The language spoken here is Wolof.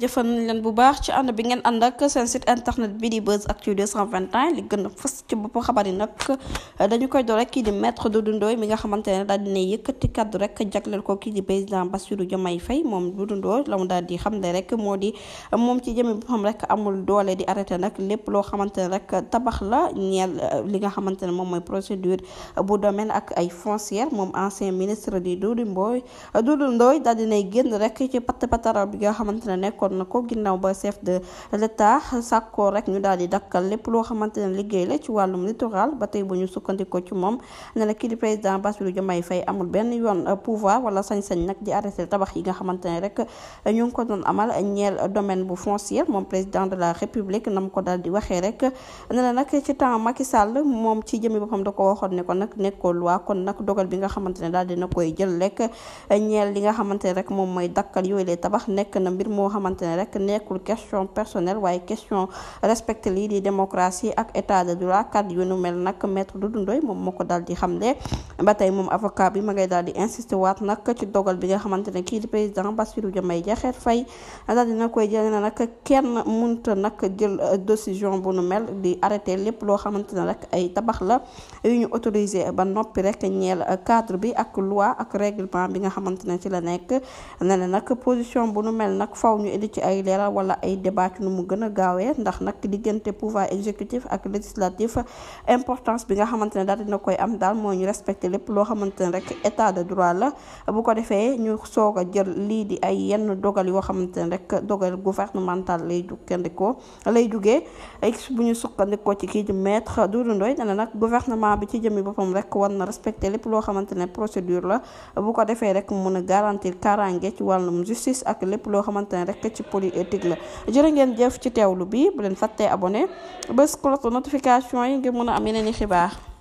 jëfan leen bu baax ci ànd bi ngeen ànd ak seen site internet bi di Buzz Actu 221 li gën a fës ci bopp xabar yi dañu koy door rek kii di maître Doudou Ndoye mi nga xamante ne daal dina yëkkati kaddu rek jagleel ko kii di président Bassirou Diomaye Faye moom Doudou Ndoye la mu daal di xam ne rek moo di moom ci jëme boppam rek amul doole di arrêté nag lépp loo xamante ne rek tabax la ñeel li nga xamante ne moom mooy procédure bu domaine ak ay foncière moom ancien ministre di Doudou Ndoye Doudou Ndoye daal dinay génn rek ci patt pataral bi nga xamante ne nekk defoon na ko ginnaaw ba chef de l'État sàkkoo rek ñu daal di dakkal lépp loo xamante ne liggéey la ci wàllum littoral ba tey bu ñu sukkandikoo ci moom ne la kii di président Bassirou Diomaye Faye amul benn yoon euh, pouvoir wala sañ-sañ nag di arrêté tabax yi nga xamante ne rek euh, ñu ngi ko doon amal ñeel domaine bu foncier moom président de la république ko daal di waxee rek ne la nag ci temps Macky Sall moom ci jëmi boppam da ko waxoon ne ko nag nekkoo loi kon nag dogal bi nga xamante ne daal na koy jël rek ñeel li nga xamante ne rek moom mooy dakkal yooyu lay tabax nekk na mbir moo xamante xamante ne rek nekkul question personnelle waaye question respecté lii di démocratie ak état de droit kat yu di xamle ba tey moom avocat bi ma ngay daal di insisté waat nag ci dogal bi nga xamante ne kii di président Bassirou Diomaye Diakhar Faye daal dina koy jëlee na nag kenn munta nag jël décision bu nu mel di arrêté lépp loo xamante ne rek ay tabax la yu ñu autorisé ba noppi rek ñeel cadre bi ak loi ak règlement bi nga xamante ne ci la nekk ne nag position bu nu mel nag faw ñu indi ci ay leeral wala ay débat mu gën a gaawee ndax nag diggante pouvoir exécutif ak législatif importance bi nga xamante ne daal dina koy am daal mooy ñu respecté lépp loo xamante ne rek état la bu ko defee ñu soog a jël lii di ay yenn dogal yoo xamante ne rek dogal gouvernemental lay jukkandikoo lay jugee bu ñu sukkandikoo ci kii di maître Doudou Ndoye dana nag gouvernement bi ci jëmi boppam rek war na respecté lépp loo xamante ne procédure la bu ko defee rek mun a garantir kaaraange ci wàllum justice ak lépp loo xamante rek nekk ci politique la jërë ngeen jëf ci teewlu bi bu leen fàttee abonné bés cloche notification yi ngir mën a am yeneen i xibaar